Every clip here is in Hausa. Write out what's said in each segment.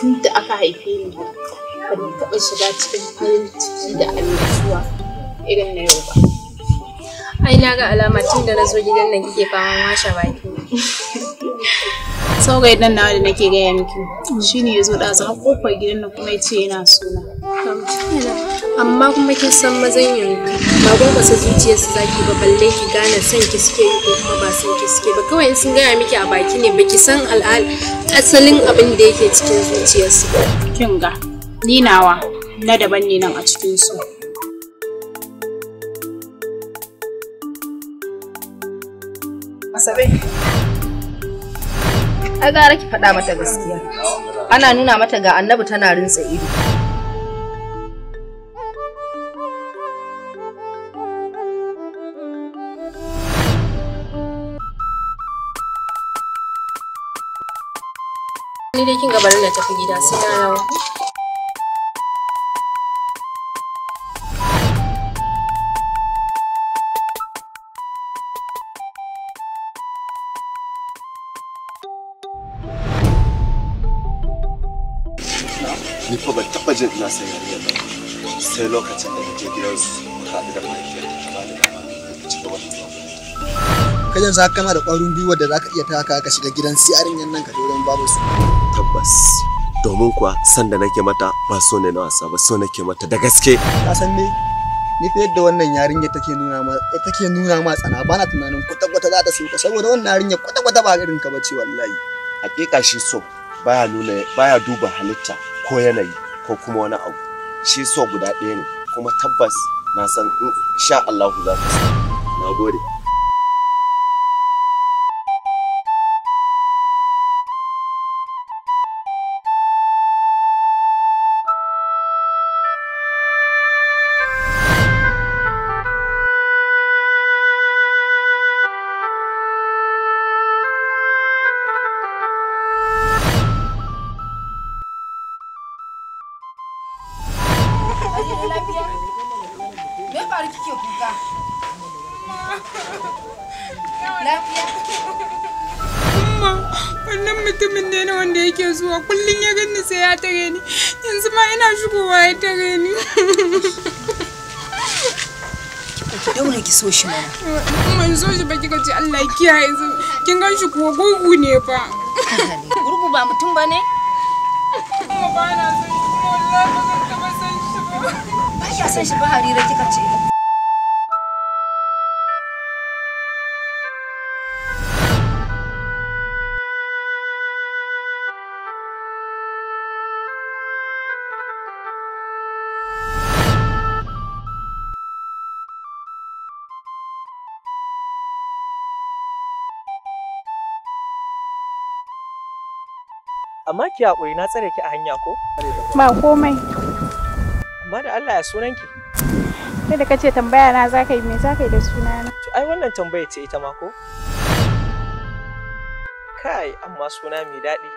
tun da aka haife ni ban taɓa shiga cikin farin ciki da annashuwa irin na yau ba ai na ga alama tun da na zo gidan nan kike fama washe baki saurayi dan nawa da nake gaya miki shine ya zo ɗazu har kofar gidan nan kuma ya ce yana suna amma kuma kin san mazan yanzu ba gwarkwasa zuciyarsu zaki ba balle ki gane son ki suke yi ko kuma ba son ki suke ba kawai sun gaya miki a baki ne baki san al'al asalin abin da yake cikin zuciyarsu kin ga ni nawa na daban ne nan a cikin su Asabe a gara ki faɗa mata gaskiya ana nuna mata ga annabi tana rintsa ido ga bari na tafi gida sai na dawo ni fa ban taɓa jin ina san yariyar ba sai lokacin da na je gidansu muka haɗu da mahaifiyar ta ba da dama da zuwa ka yanzu haka kana da ƙwarin gwiwa da zaka iya taka ka shiga gidan siyarin yan nan ka je babu su tabbas domin kuwa san da nake mata ba so ne na wasa ba so nake mata da gaske ka san me ni fa yadda wannan yarinya take nuna ma take nuna ma tsana ba na tunanin kwata kwata za ta so ka saboda wannan yarinya kwata kwata ba irin ka bace wallahi hakika shi so baya nuna baya duba halitta ko yanayi ko kuma wani abu shi so guda ɗaya ne kuma tabbas na san sha Allahu za ka so nagode har kike kuka lafiya amma wannan mutumin ne na wanda yake zuwa kullum ya gani sai ya tare ni yanzu ma ina shigowa ya tare ni daure ki so shi mana mun so shi ba kika ce Allah ya kiyaye kin gan shi kuwa gurgu ne fa gurgu ba mutum ba ne ba na san shi wallahi ba zan taba san shi ba ba ka san shi ba harira kika ce amma ki haƙuri na tsare ki a hanya ko? Ba komai. Amma da Allah ya sunan ki. Kai da kace tambaya na za ka yi me za ka yi da na. To ai wannan tambaya ce ita ma ko? Kai amma suna mai daɗi.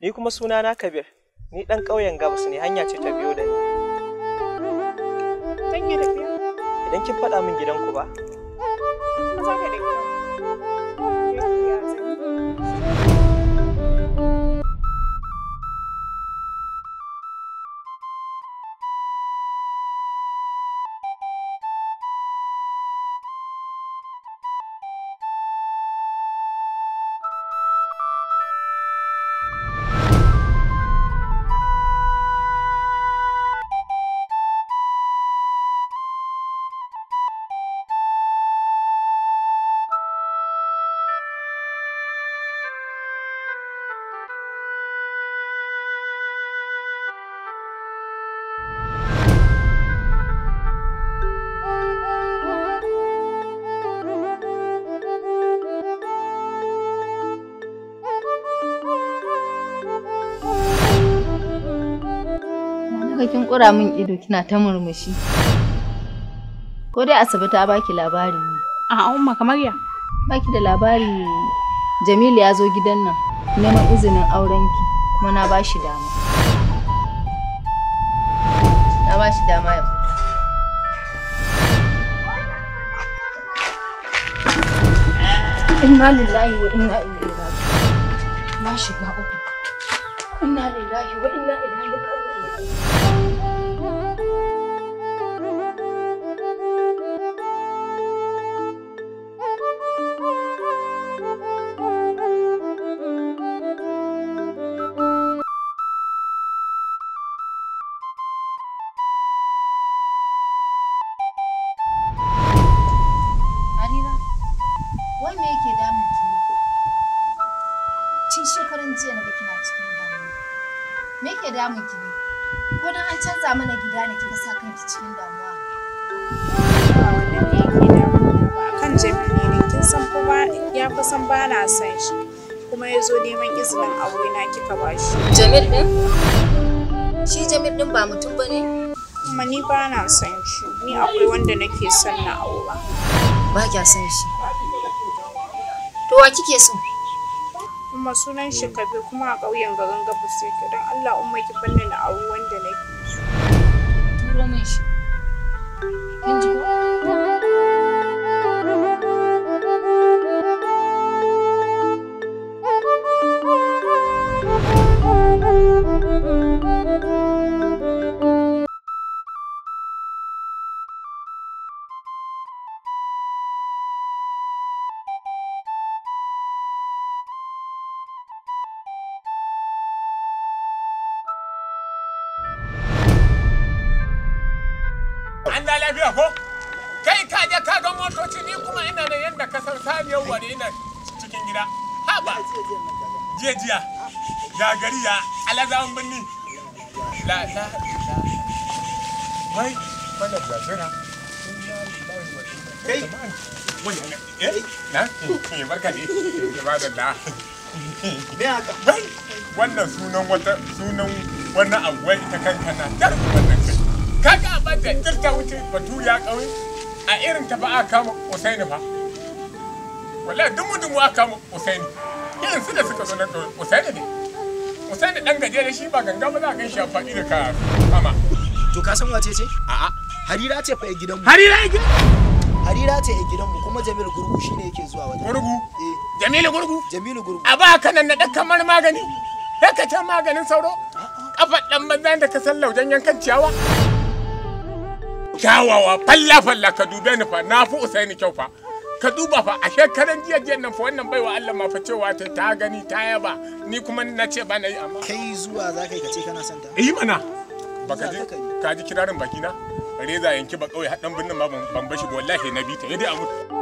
Ni kuma suna na Kabir. Ni ɗan ƙauyen Gabas ne hanya ce ta biyo da ni. yi da biyo? Idan kin faɗa min gidanku ba? Ba ka da gidanku. Naga kin kura min ido kina ta murmushi. Ko dai Asabe ta baki labari ne. A umma kamar ya. Baki da labari Jamilu ya zo gidan nan neman izinin aurenki kuma na bashi dama. Na bashi dama ya Inna lillahi wa inna ilaihi raji'un. Na shiga uku. Inna lillahi wa inna ilaihi raji'un. damun mu gidi ko dan an canza mana gida ne kika sa kanki cikin damuwa kan ne yake jami'i ne kin san ko ba ya fa san ba na san shi kuma ya zo neman izinin aure na kika ba shi jamil din shi jamil din ba mutum bane kuma ni ba na san shi ni akwai wanda nake son na aura ba kya san shi to wa kike so ma sunan shi kabe kuma a ƙauyen garin gabas yake don allah umar ki banni na auri wanda nake turo min shi lafiya ko kai ka je ka ga motoci ni kuma ina da yadda ka san saniyar wani ina cikin gida haba jiya ya gari ya alazawan birni la la la wai kai wani eh na eh, barka ne ba da wai wannan sunan wata sunan wannan abuwai ta kankana jar wannan da wuce a irin ta ba a kama usaini fa dumu dumu kama usaini irin su da suka zo na usaini ne usaini ɗan gajere shi ba ganga ba za a gan shi a faɗi da kama to ka san wace ce a'a harira ce fa gidanmu harira ya harira ce a kuma jamilu gurgu shine yake zuwa wajen gurgu eh. jamilu gurgu jamilu gurgu a ba ka nan na dan kamar magani can maganin sauro kafar ɗan maza da ka san laujen yankan ciyawa kyawawa falla falla ka dube ni fa na fi usaini kyau fa ka duba fa a shekaran jiya jiya nan fa wannan baiwa Allah ma fa cewa ta ta gani ta yaba ni kuma na ce ba na yi amma kai zuwa za ka yi ka ce kana son ta eh mana baka ji ka ji kirarin baki na reza yanki ba kauye hadan binnin ma ban bashi wallahi na bi ta yadda a mutu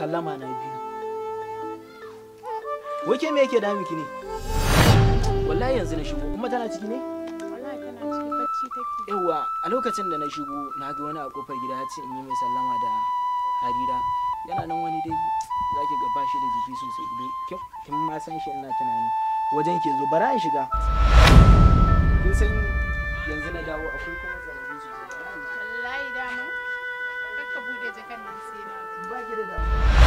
sallama na biyu wake me yake dami ki ne wallahi yanzu na shigo kuma tana ciki ne wallahi tana ciki bacci take yawa a lokacin da na shigo na ga wani a kofar gida ya ce in yi mai sallama da harira yana nan wani dai zaki ga bashi da jiki sosai dai kin ma san shi ina tunani wajen ke zo bara in shiga kin san yanzu na dawo akwai kuma geri dön.